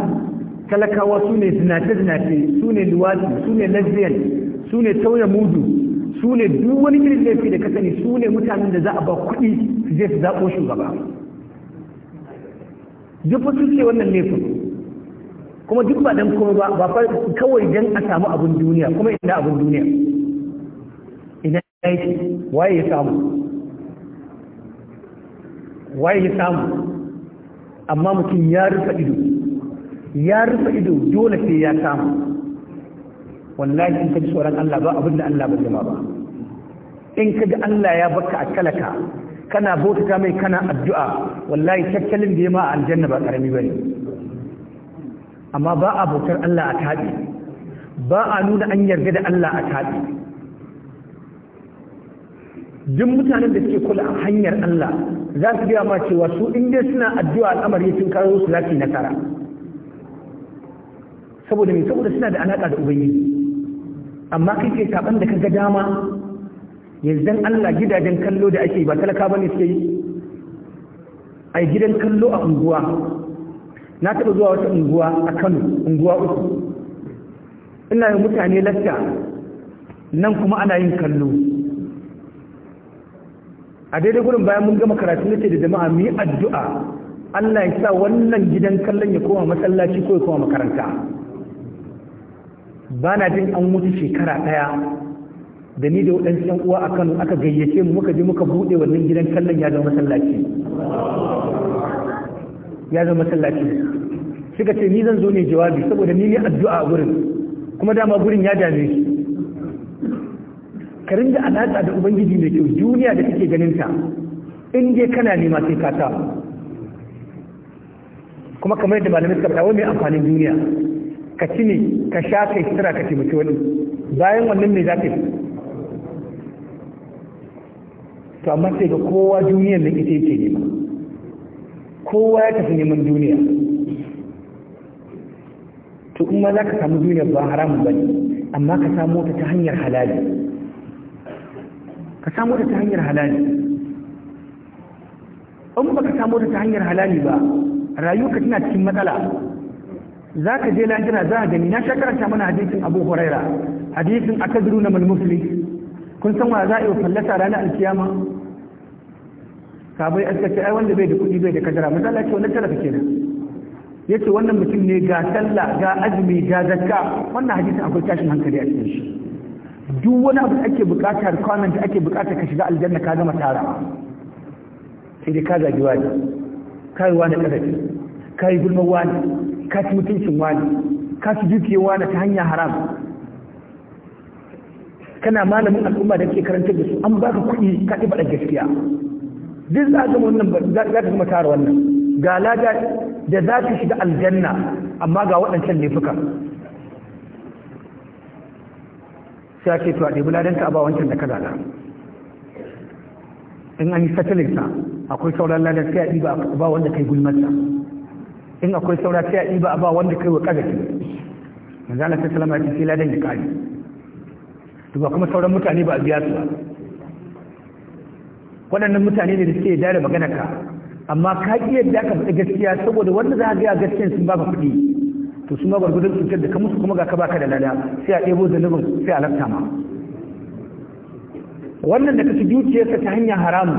talakawa su ne zinace-zinace su ne luwatsi su ne lesbian su ne tauye mudu su ne duk wani irin laifi da kasani, su ne mutanen da za a ba kuɗi su je su zaɓo shugaba duk wasu ce wannan laifin kuma duk ba dan kuma ba kawai dan a samu abin duniya kuma inda abin duniya ina yake waye ya samu waye ya samu amma mutum ya rufe ido ya rufe ido dole sai ya samu wallahi in ka ji tsoron Allah ba abinda Allah ba zama ba in ka Allah ya baka a kalaka kana bautata mai kana addu'a wallahi tattalin da ya ma a aljanna ba karami bane amma ba a bautar Allah a tabi ba a nuna an yarda da Allah a tabi duk mutanen da suke kula a hanyar Allah za su gaya ma cewa su in dai suna addu'a al'amari sun karo su za su yi nasara saboda me saboda suna da alaka da ubangiji amma kai ke saban da kaga dama yanzu dan Allah gidajen kallo da ake ba talaka bane suke yi ai gidan kallo a unguwa na taɓa zuwa wata unguwa a Kano unguwa uku ina yin mutane lasta, nan kuma ana yin kallo a daidai gudun bayan mun gama karatu nake da jama'a mu yi addu'a Allah ya sa wannan gidan kallon ya koma masallaci ko ya koma makaranta ba na jin an wuce shekara ɗaya da ni da waɗansu ‘yan uwa a Kano aka gayyace mu muka je muka buɗe wannan gidan kallon ya zama masallaci ya zama masallaci suka ce ni zan zo ne jawabi saboda ni ne addu'a a gurin kuma dama gurin ya dame shi ka rinda alaƙa da ubangiji mai kyau duniya da kake ganin ta in dai kana nema sai ka ta kuma kamar yadda malamin suka faɗa mai amfanin duniya ka ci ne ka sha kai sutura ka taimaki wani bayan wannan mai zafi to amma sai ga kowa duniyar da ita yake nema kowa ya tafi neman duniya to in ma za ka samu duniyar ba haramun ba ne amma ka samu ta ta hanyar halali ka samu da ta hanyar halali in ka samu da ta hanyar halali ba rayuka tana cikin matsala za ka je lantana za a gani na sha karata mana hadisin abu huraira hadisin akadiru na malmufli kun san wa za a yi fallasa ranar alkiyama kabai aska ce ai wanda bai da kuɗi bai da kadara misali ce wannan tarafa kenan yace wannan mutum ne ga sallah ga azumi ga zakka wannan hadisin akwai tashin hankali a cikin shi duk wani abu da ake bukata requirement ake bukata ka shiga aljanna ka gama tara sai dai ka zagi wani ka yi wani kadafi ka yi gulmar wani ka ci mutuncin wani ka ci dukiyar wani ta hanya haram kana malamin al'umma da ke karantar da su an baka kuɗi ka ɗi faɗa gaskiya duk za ka wannan za ka gama tara wannan ga lada da za ka shiga aljanna amma ga waɗancan laifukan sai ake ce to a ɗebi ladanta a ba wancan da ka zaga in an yi satelit akwai sauran ladan sai a ɗiba a ba wanda kai gulmarsa in akwai saura sai a ɗiba a ba wanda kai wa ƙazafi za Allah sallallahu salama ce sai ladan ya kare to ba kuma sauran mutane ba a biya su ba waɗannan mutane ne da suke da magana ka amma ka ƙi yadda ka faɗi gaskiya saboda wanda za a gaya gaskiyan sun ba ba kuɗi to suna ma cutar da ka musu kuma ga ka baka da lada sai a ɗebo zanubin sai a lafta ma wannan da ka su dukiyarsa ta hanyar haramu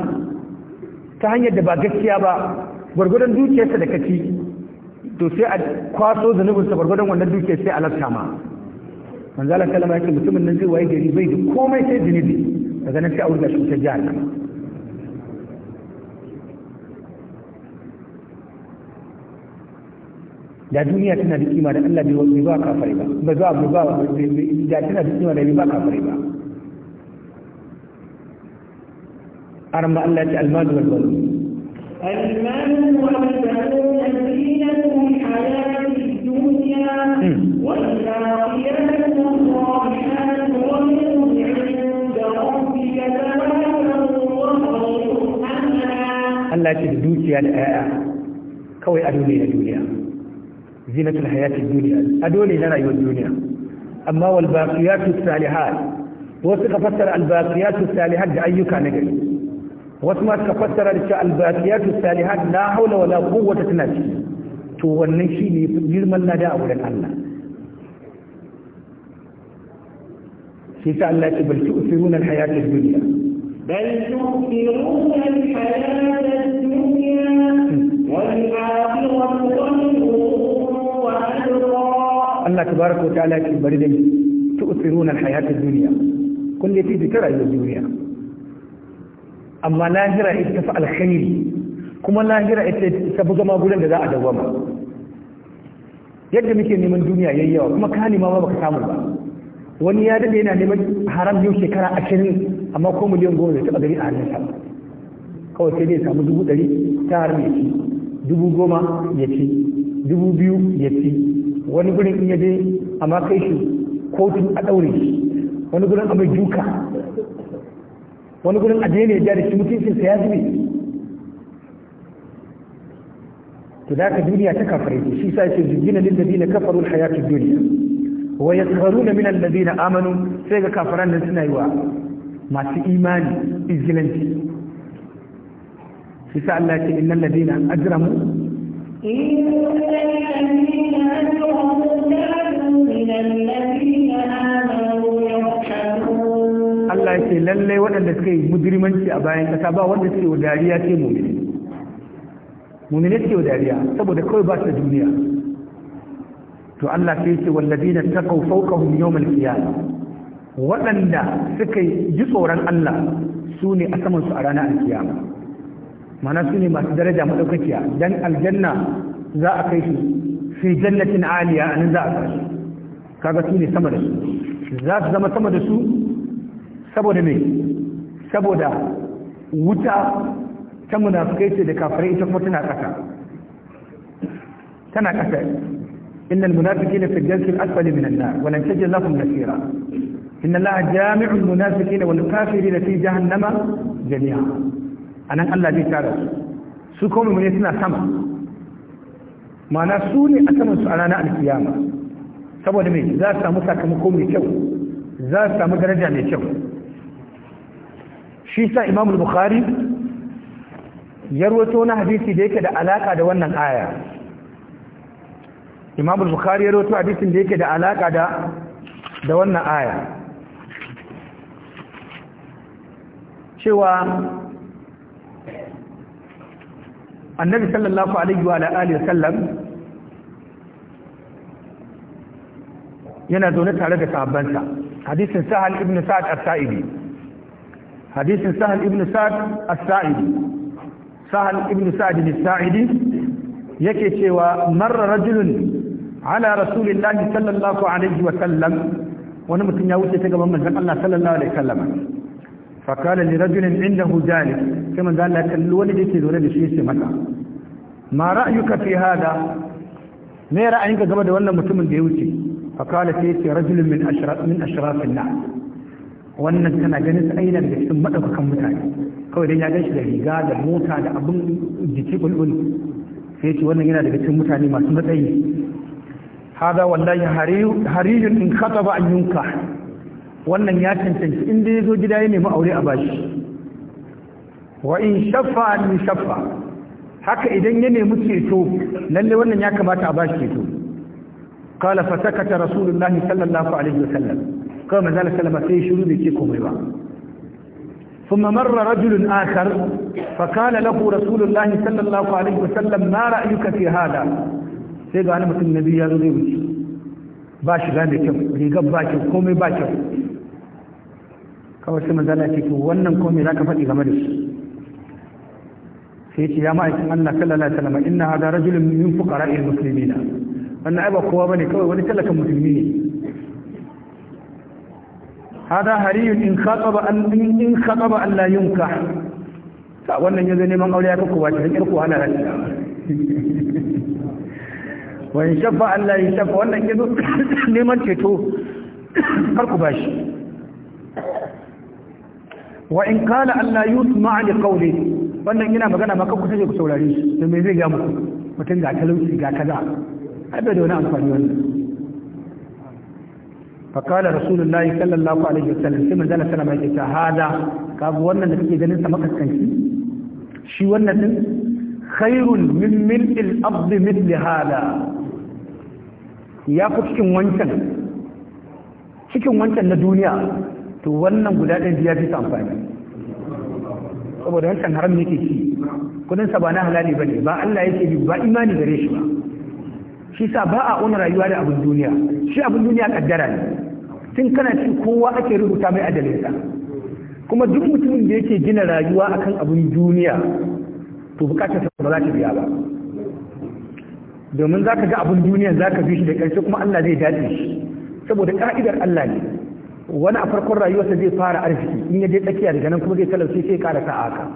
ta hanyar da ba gaskiya ba gwargwadon dukiyarsa da kaci to sai a kwaso zanubinsa gwargwadon wannan dukiyar sai a lafta ma manzala kalama yake mutumin nan zai waye gari bai da komai sai zunubi daga nan sai a wurga shi ta jihar da duniya tana da kima da Allah bai ba kafare ba ba za ba ba da tana da kima da bai ba kafare ba arma Allah ya ce almanu wal banun almanu wal banun zinatu hayati dunya wal akhiratu rahimatun wa inda rabbika tamamun wa khayrun Allah ya ce dukiya da 'ya'ya kawai ado ne da duniya زينة الحياة الدنيا أدوني لنا أيها الدنيا أما والباقيات الصالحات وصف فسر الباقيات الصالحات بأيك نجل وصف فسر الباقيات الصالحات لا حول ولا قوة تنسي تونشي لجرم النداء ولك الله سيسا الله بل تؤثرون الحياة الدنيا بل تؤثرون الحياة الدنيا والآخرة والأمور Allah tabaraka wa ta'ala ke bari dai tu'thiruna al-hayata ad-dunya kun yafi da rayuwar duniya amma lahira ita fa alkhairi kuma lahira ita ta buga magudan da za a dawama yadda muke neman duniya yayi yawa kuma kalima ma baka samu ba wani ya dade yana neman haram yau shekara ashirin amma ko miliyan goma bai taɓa gari a hannunsa kawai sai dai samu dubu ɗari ta haram ya ci dubu goma ya ci dubu biyu ya ci wani gurin in yaje a ma kai shi kotun a daure wani gurin a mai duka wani gurin a daina ya da shi mutuncin sa ya zube to da ka duniya ta kafare shi sa yake zubina lil ladina kafaru al hayatud dunya wa yasharuna min ladina amanu sai ga kafaran nan suna yi wa masu imani izilanci shi sa Allah ce innal ladina ajramu Allah ce lallai waɗanda suka yi mujrimanci a bayan kasa ba wanda suke wa dariya sai mumini mumini suke wa dariya saboda kawai ba su da duniya to Allah sai yake wallazina taqaw fawqahum yawmal malkiya. waɗanda suka yi ji tsoron Allah su ne a samansu a ranar alkiyama mana su ne masu daraja madaukakiya dan aljanna za a kai su fi jannatin aliya anan za a kai kaga su ne sama da su za su zama sama da su saboda me saboda wuta ta munafikai ce da kafirai ita kuma tana kasa tana kasa innal munafiqina fi dhalkil asfali minan nar wa lan tajid lahum nasira inna allaha jami'ul munafiqina wal kafirina fi jahannama jami'a a nan Allah zai tara su su kuma mummune suna sama mana su ne a saman su a ranar alkiyama saboda mai za su samu sakamako mai kyau za su samu daraja mai kyau shi sa imam bukhari ya rawato na hadisi da yake da alaka da wannan aya imam bukhari ya rawato hadisin da yake da alaka da da wannan aya cewa annabi sallallahu alaihi wa alihi sallam yana zaune tare da sahabbansa hadisin sahal ibn sa'ad as-sa'idi hadisin sahal ibn sa'ad as-sa'idi sahal ibn sa'ad as-sa'idi yake cewa marra rajulun ala rasulillahi sallallahu alaihi wa sallam wani mutum ya wuce ta gaban manzon Allah sallallahu alaihi wa sallam fakala li rajulin indahu jali sai manzo Allah ya kalli wani da yake zaune da shi yace masa ma ra'ayuka fi hada me ra'ayinka game da wannan mutumin da ya wuce fakala sai yace rajulun min ashraf min ashrafin nas wannan kana ganin sai aina daga cikin madaukakan mutane kawai dai ya ganshi da riga da mota da abun jiki bulbul sai yace wannan yana daga cikin mutane masu matsayi hada wallahi hariyun in khataba an wannan ya cancanci inda ya zo gida ya nemi aure a bashi wa in shaffa ni shaffa haka idan ya nemi ceto lalle wannan ya kamata a bashi ceto qala fa sakata rasulullahi sallallahu alaihi wasallam kuma manzo sallama sai shiru da ke komai ba marra ثم مر رجل آخر فقال له رسول الله صلى ma عليه fi hada sai ga هذا سيقى nabi ya zo ne ذو باشي غاني كم ريقب باشي komai باشي kawai sai manzala ce wannan komai za ka faɗi game da shi sai ce ya ma'aikin Allah sallallahu alaihi wasallam inna hada rajulun min fuqara'il muslimina wannan ai ba kowa bane kawai wani talakan musulmi ne hada hariyun in khataba an in khataba an la yunka ta wannan yanzu neman aure ya kuku ba ta hanyar ko hana rashi wa in shafa an la yunka wannan yanzu [COUGHS] neman ceto kar ku bashi wa in qala an la yusma li qawli wannan ina magana maka ku take ku saurare shi to me zai ga muku mutum ga talauci ga kaza ai bai da wani amfani wannan فقال رسول الله صلى الله عليه وسلم sai manzala sallama yake ta hada kaga wannan da kake ganin sa makaskanci shi wannan din khairun min mil'il ard mithli hada ya fi cikin wancan cikin wancan na duniya to wannan guda ɗaya ya fi amfani saboda wancan haram ke ci kudin sa ba na halali ba ne. ba Allah yake bi ba imani gare shi ba shi sa ba a una rayuwa da abin duniya shi abin duniya kaddara ne tun kana ci kowa ake rubuta mai adalinsa kuma duk mutumin da yake gina rayuwa akan abin duniya to bukatar sa ba za ta biya ba domin za ka ga abin duniya za ka bi shi da ƙarshe kuma Allah zai dace shi saboda ka'idar Allah ne wani a farkon rayuwar rayuwarsa zai fara arziki in ya je tsakiya daga nan kuma zai talauci sai kara ta aka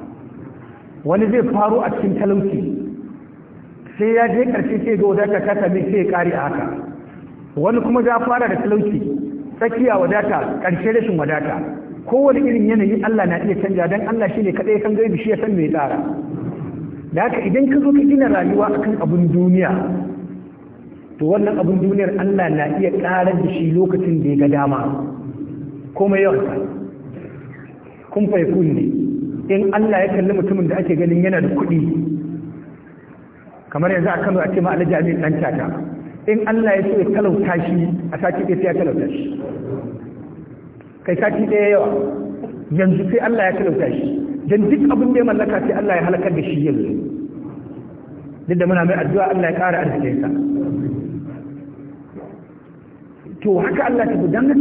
wani zai faro a cikin talauci sai ya je karshe sai ga wadata ta same sai ya kare a haka wani kuma za fara da talauci tsakiya wadata karshe rashin wadata kowane irin yanayi Allah na iya canja dan Allah shine kadai kan gaibi shi ya san me tsara da haka idan ka zo ka gina rayuwa akan abun duniya to wannan abun duniyar Allah na iya karar da shi lokacin da ya ga dama kuma yawansa kun faifun ne in Allah ya kalli mutumin da ake ganin yana da kuɗi kamar yanzu a kano a ce ma alhaji amin dan tata in Allah ya so ya talauta shi a sati ɗaya sai ya talauta shi kai sati ɗaya yawa yanzu sai Allah ya talauta shi dan duk abin da ya mallaka sai Allah ya halakar da shi yanzu duk da muna mai addu'a Allah ya ƙara arzikinsa to haka Allah ta gudanar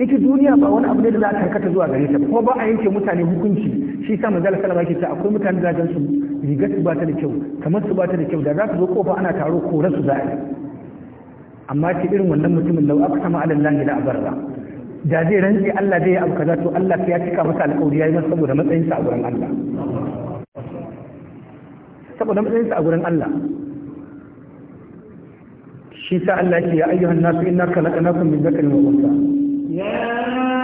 ita duniya ba wani abu ne da za a karkata zuwa gare ta kuma ba a yanke mutane hukunci shi sa manzala sallama yake ta akwai mutane da gan rigar su ba ta da kyau kamar su ba ta da kyau da za su zo kofa ana taro kore su za'a? amma ki irin wannan mutumin lau aka sama alal lahi da abarra da zai rantsi Allah zai yi abu kaza to Allah ya cika masa alƙawari yayi masa saboda matsayin sa a gurin Allah saboda matsayin sa a gurin Allah shi sa Allah ya ayyuhan nasu inna khalaqnakum min dhakarin wa untha Yeah.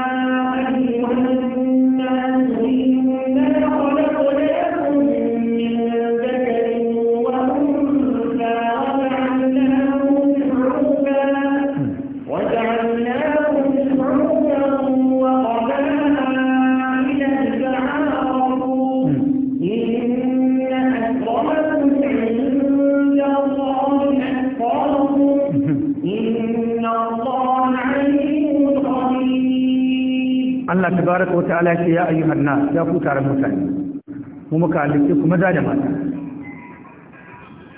Allah tabaraka wa ta'ala ce ya ayyu hannu ya ku taron mutane mu muka halitta kuma za da mata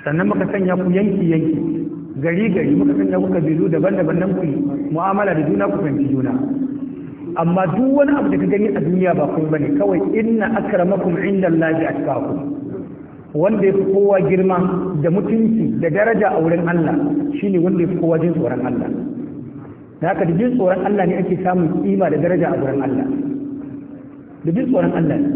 sannan muka sanya ku yanki yanki gari gari muka sanya ku kabilu daban-daban nan ku mu'amala da juna ku fahimci juna amma duk wani abu da ka gani a duniya ba kuma bane kawai inna akramakum indallahi atqakum wanda ya fi kowa girma da mutunci da daraja a wurin Allah shine wanda ya fi kowa jin tsoron Allah da haka da tsoron Allah ne ake samun kima da daraja a wurin Allah da jin tsoron Allah ne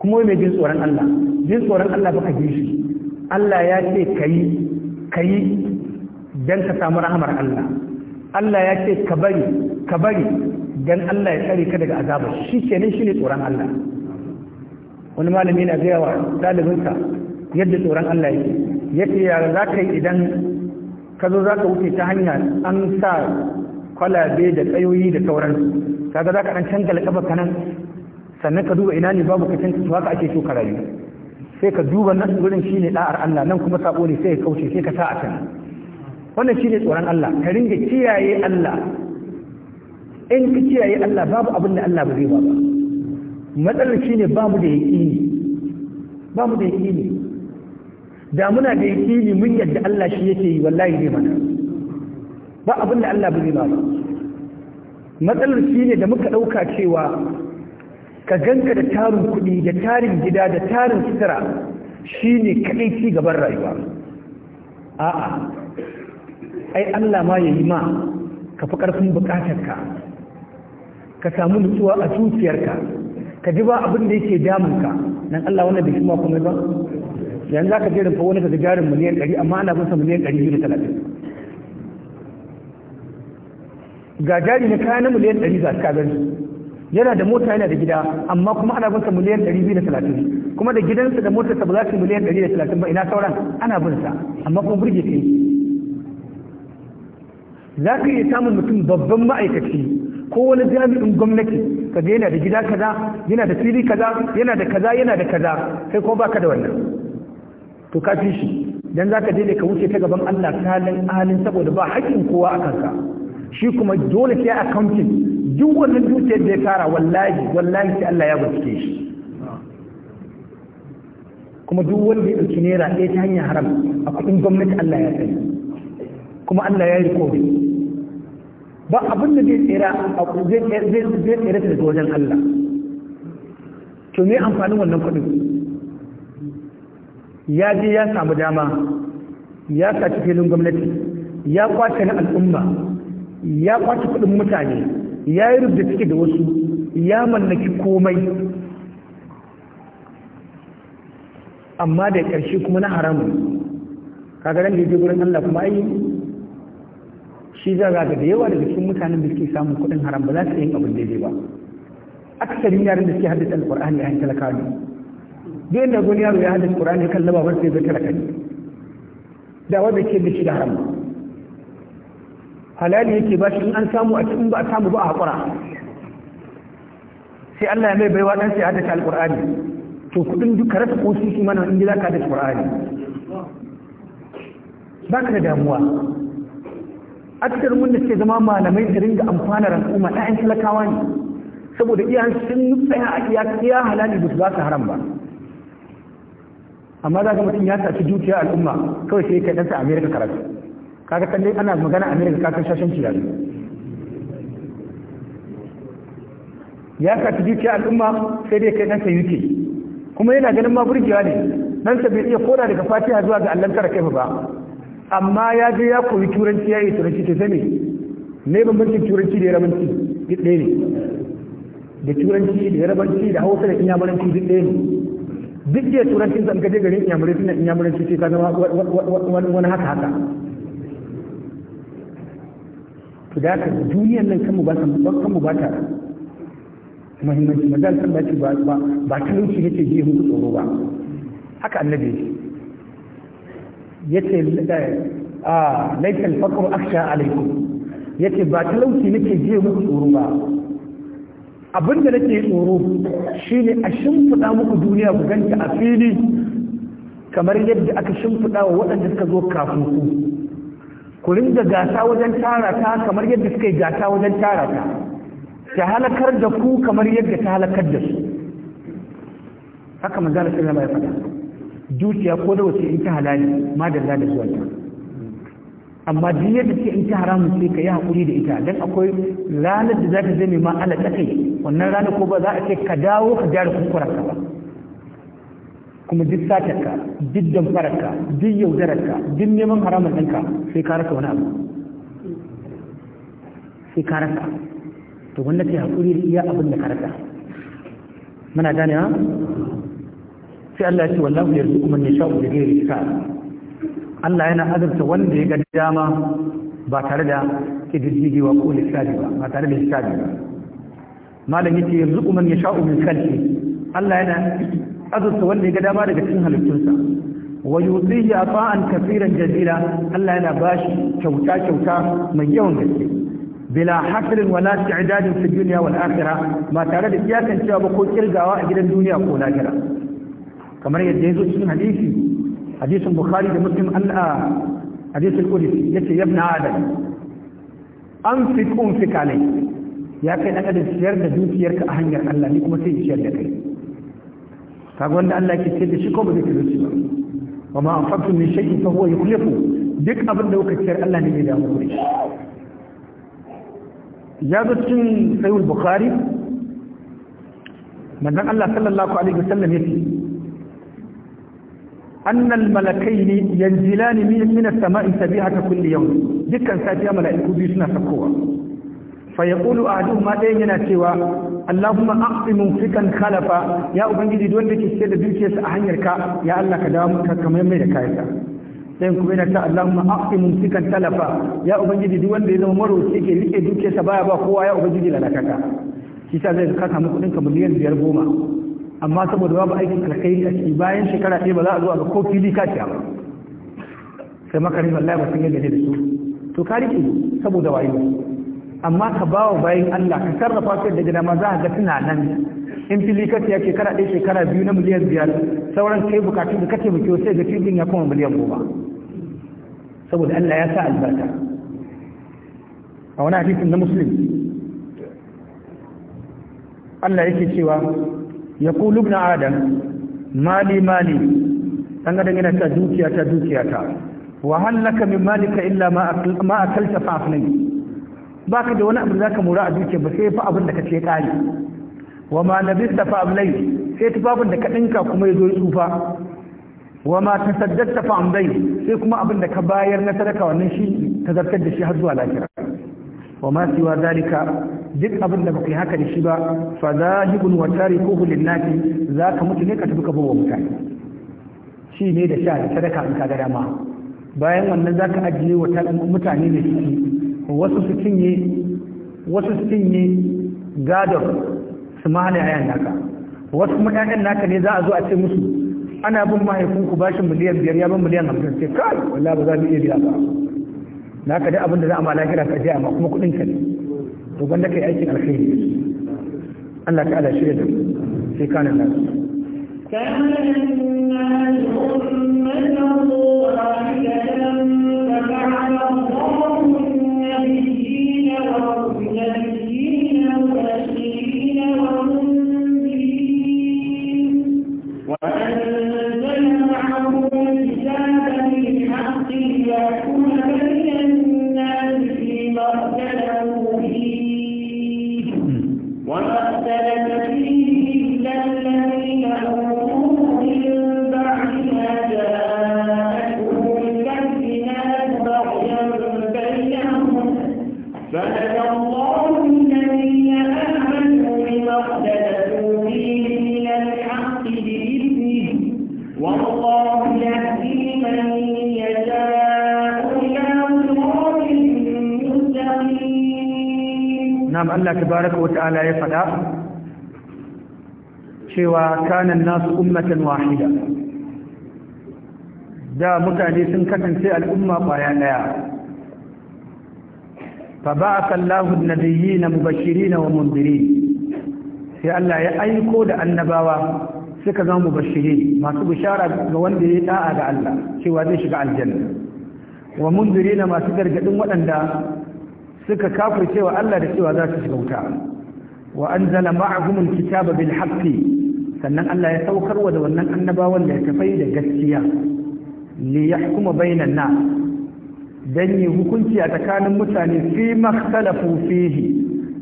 kuma mai jin tsoron Allah jin tsoron Allah ba ka ji shi Allah ya ce kayi kayi dan ka samu rahamar Allah Allah ya ce ka bari ka bari dan Allah ya tsare ka daga azaba shi kenan shine tsoron Allah wani malami na gaya wa ɗalibinsa yadda tsoron Allah yake yake ya za ka yi idan ka zo za ka wuce ta hanya an sa kwalabe da tsayoyi da sauran kaga za ka ɗan cangala ka kanan sannan ka duba ina ne babu canza su haka ake so ka rayu sai ka duba nan gurin shine da'ar Allah nan kuma sako ne sai ka kauce sai ka sa a can wannan shine tsoron Allah ka ringa kiyaye Allah in ka kiyaye Allah babu abin da Allah ba zai ba matsalar shine babu da yaqini babu da yaqini da muna da yakini mun yadda Allah shi yake yi wallahi zai mana ba abin da Allah bai ba matsalar shi ne da muka ɗauka cewa ka ganka da tarin kuɗi da tarin gida da tarin sutura shi ne kaɗai ci gaban rayuwa a'a ai Allah ma ya yi ma ka fi ƙarfin buƙatarka ka samu nutsuwa a zuciyarka ka ji ba abin da yake damunka nan Allah wannan bai kuma kuma ba yanzu zaka je rumfa wani daga jarin miliyan 100 amma ana masa miliyan 230 ga jari na kaya na miliyan 100 za ka gani yana da mota yana da gida amma kuma ana masa miliyan 230 kuma da gidansa da motarsa ba za su miliyan 130 ba ina sauran ana binsa amma kuma burge kai za ka iya samun mutum babban ma'aikaci ko wani jami'in gwamnati kaga yana da gida kaza yana da fili kaza yana da kaza yana da kaza sai ko baka da wannan to ka fi shi dan zaka daidai ka wuce ta gaban Allah halin alin saboda ba haƙƙin kowa a kanka shi kuma dole sai accounting duk wannan dukiyar da ya tara wallahi wallahi sai Allah ya bincike shi kuma duk wanda ya ɗauki naira ɗaya ta hanyar haram a kuɗin gwamnati Allah ya sani kuma Allah ya yi kofi ba abin da zai tsira a zai tsira daga wajen Allah to me amfanin wannan kuɗin ya je ya samu dama ya saci filin gwamnati ya kwace na al'umma ya kwace kudin mutane ya yi rubda ciki da wasu ya mallaki komai amma da ƙarshe kuma na haramun kaga nan da je gurin Allah kuma ai shi za ga da yawa daga cikin mutanen da suke samun kuɗin haram ba za su yi abin daidai ba aksarin yaran da suke haddace alƙur'ani a yan talakawa duk inda gani yaro ya haddace qur'ani kan laba ba sai zai tara kai da wanda ke da shi da haram halali yake ba shi in an samu a cikin ba a samu ba a haƙura sai Allah ya mai baiwa dan sai haddace alqur'ani to kudin duka rasa ko su shi mana in za ka haddace qur'ani baka da damuwa akthar mun da suke zama malamai da ringa amfana al'umma ɗayan talakawa ne saboda iyayen sun tsaya a iya halali da su haramba. su haram ba amma za ka mutum ya tafi dukiya al'umma kawai sai ka ɗansa amerika karatu kaga kan dai ana magana amerika kakan shashen ciyar ya tafi dukiya al'umma sai dai kai ɗansa uk kuma yana ganin ma burgewa ne sa bai iya koda daga fatiha zuwa ga allon kara kai ba amma ya je ya koyi turanci ya yi turanci ta zane ne bambancin turanci da yarabanci duk ɗaya ne da turanci da yarabanci da hausa da inyamuranci duk ɗaya ne duk da turancin zan gaje garin inyamurai suna inyamurai sai ta zama wani haka haka to da haka duniyar nan kan ba kanmu ba ta muhimmanci maza san ba ba ba talauci yake je mu tsoro ba haka annabi yace a ah, laifin fakon aksha alaikum yace ba talauci nake je mu tsoro ba abin da nake tsoro shine a shimfiɗa muku duniya ku ganta a fili kamar yadda aka shimfiɗa wa waɗanda suka zo kafin ku ku ringa gasa wajen tara ta kamar yadda suka yi gasa wajen tara ta ta halakar da ku kamar yadda ta halakar da su haka manzana sun zama ya faɗa dukiya ko da wace in ta halali ma da zuwa ta amma duk yadda ce in ta haramun sai ka yi haƙuri da ita don akwai ranar da za ta zame ma alaƙa kai wannan rana ko ba za a ce ka dawo ka jari kuskurarka ba kuma duk satarka duk damfararka duk yaudararka duk neman haramun ɗinka sai ka rasa wani abu sai ka rasa to wannan ta haƙuri da iya abin da ka rasa muna gane ha sai Allah ya ce wallahu yarzuqu man da gari da hisab Allah yana azurta wanda ya ga dama ba tare da kididdigewa ko lissafi ba ba tare da lissafi ba malam yace yarzuqu man yasha'u min khalqi Allah yana azurta wanda ya ga dama daga cikin halittunsa wa yutihi ata'an kaseeran jazila Allah yana bashi kyauta kyauta mai yawan gaske bila hafrin wala ta'dadin fi dunya wal akhirah ma tare da iyakan cewa ba ko kirgawa a gidan duniya ko lahira kamar yadda yazo cikin hadisi hadisin bukhari da muslim Allah ah, hadisul qudsi yace ibn adam anfiq unfiq alayk ya kai dan adam ciyar da dukiyarka a hanyar Allah ni kuma sai ciyar da kai kaga wanda Allah ke ciyar da shi ko ba zai ciyar ba wa ma anfaqtum min shay'in fa huwa yukhlifu duk abin da kuka ciyar Allah ne mai damu da shi ya zo cikin sahih bukhari manzon Allah sallallahu alaihi wasallam yace أن الملكين ينزلان من السماء سبيعة كل يوم ذكر ساتي ملائكة بيسنا سكوة fa yaqulu ahaduhum ma dayan yana cewa Allahumma aqsi munfikan khalafa ya ubangiji duk wanda ke da dukiyarsa a hanyar ka ya Allah ka dawo ka kamar mai da kayansa dan kuma yana ta Allahumma aqsi munfikan talafa ya ubangiji duk wanda ya zama maroci ke rike dukiyarsa baya ba kowa ya ubangiji lalakata shi ta zai ka samu kuɗin ka miliyan biyar goma amma saboda babu aikin alkhairi a ciki bayan shekara ɗaya ba za a zo a ga ko fili ka ba sai makarin wallahi ba sun yadda da su to ka rike saboda wayo amma ka ba wa bayan Allah ka sarrafa su da gidama za a ga suna nan in fili ka siya shekara ɗaya shekara biyu na miliyan biyar sauran kai bukatu da kake mutu sai ga cikin ya kuma miliyan goma saboda Allah ya sa albarka a wani hadisin na muslim Allah yake cewa ya kulu na adam mali mali dan adam yana ta dukiya ta dukiya ta wa hallaka min malika illa ma akalta fa baka da wani abu da zaka mura a duke ba sai fa abin da kace kare wa ma labista fa amlai sai tufafin da ka dinka kuma ya zo tsufa wa ma tasaddaqta fa amlai sai kuma abin da ka bayar na sadaka wannan shi ta zartar da shi har zuwa lafiya wa ma siwa zalika duk abin da baka yi haka da shi ba fa zahibun wa tarikuhu za zaka mutu ne ka tafi ka bawa mutane shi ne da sha da sadaka in ka ga dama bayan wannan zaka ajiye wa mutane da shi wasu su cinye wasu su cinye gadon su mahana yayan naka wasu kuma yayan naka ne za a zo a ce musu ana bin mahaifinku bashin miliyan biyar ya bin miliyan hamsin sai kai wallahi ba za mu iya biya ba na ka dai abin da za a ma lahira ka jiya amma kuma kuɗin ka ne to banda kai aikin alheri Allah ka ala shirya da sai na yi Allah tabaraka wata'ala ya faɗa cewa kanan nasu ummatan wahida da mutane sun kasance al'umma kwaya kan fa ba'atha Allahu an-nabiyyina mubashirin wa mundirin sai Allah ya aiko da annabawa suka zama mubashirin masu ga wanda ya ta'a ga Allah cewa zai shiga aljanna wa mundirina masu gargadin waɗanda suka cewa Allah da cewa za su shiga wuta wa anzala ma'ahum alkitaba bil haqqi sannan Allah ya saukar wa da wannan annabawan da ya tafai da gaskiya li yahkuma bainan nas dan yi hukunci a tsakanin mutane fi makhtalafu fihi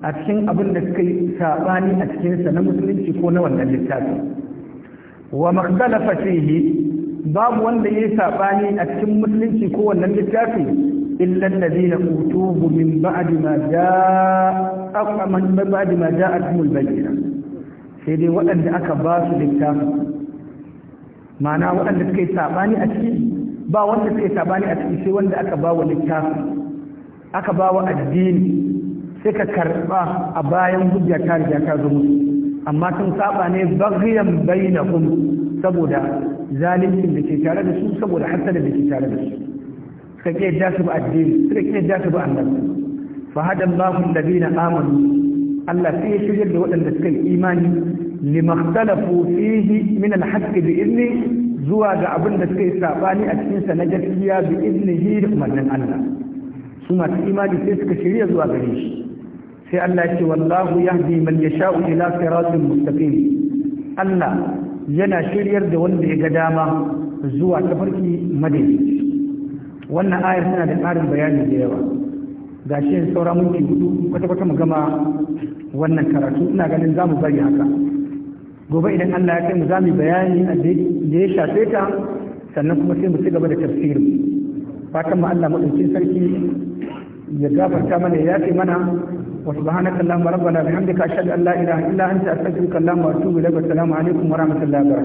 a cikin abin da suka yi saɓani a sa na musulunci ko na wannan littafi wa makhtalafa fihi babu wanda ya yi saɓani a cikin musulunci ko wannan littafi إلا الذين أوتوه من بعد ما جاء أو من بعد ما جاءتهم البينة سيدي وأن أكباس للتام معنى وأن تكي ساباني أتكي با وأن تكي ساباني أتكي سي وأن أكباو للتام أكباو الدين سيكا كربا أبايا مبجا تارجا كازمس أما كن ساباني بغيا بينهم saboda zalincin da ke tare da su saboda hasalar da ke tare da su suka ƙi yadda su ba addini suka yadda su annabi fa hada Allahu alladhina amanu Allah sai ya shigar da waɗanda suka yi imani limakhtalafu fihi min alhaqq bi idni zuwa ga abin da suka yi sabani a cikin sa na gaskiya bi idnihi da umarnin Allah su masu imani sai suka shirya zuwa gare shi sai Allah ya ce wallahu yahdi man yasha'u ila siratin mustaqim Allah yana shiryar da wanda ya ga dama zuwa tafarki madaidaici wannan ayar suna da ƙarin bayani da yawa ga shi saura minti hudu kwata-kwata mu gama wannan karatu ina ganin za mu bari haka gobe idan Allah ya kai mu za mu bayani da ya shafe ta sannan kuma sai mu ci gaba da tafsirin fatan mu Allah sarki ya gafarta mana ya fi mana wa subhanaka allahumma rabbana bihamdika ashhadu an la ilaha illa anta astaghfiruka wa atubu assalamu alaikum wa rahmatullahi wa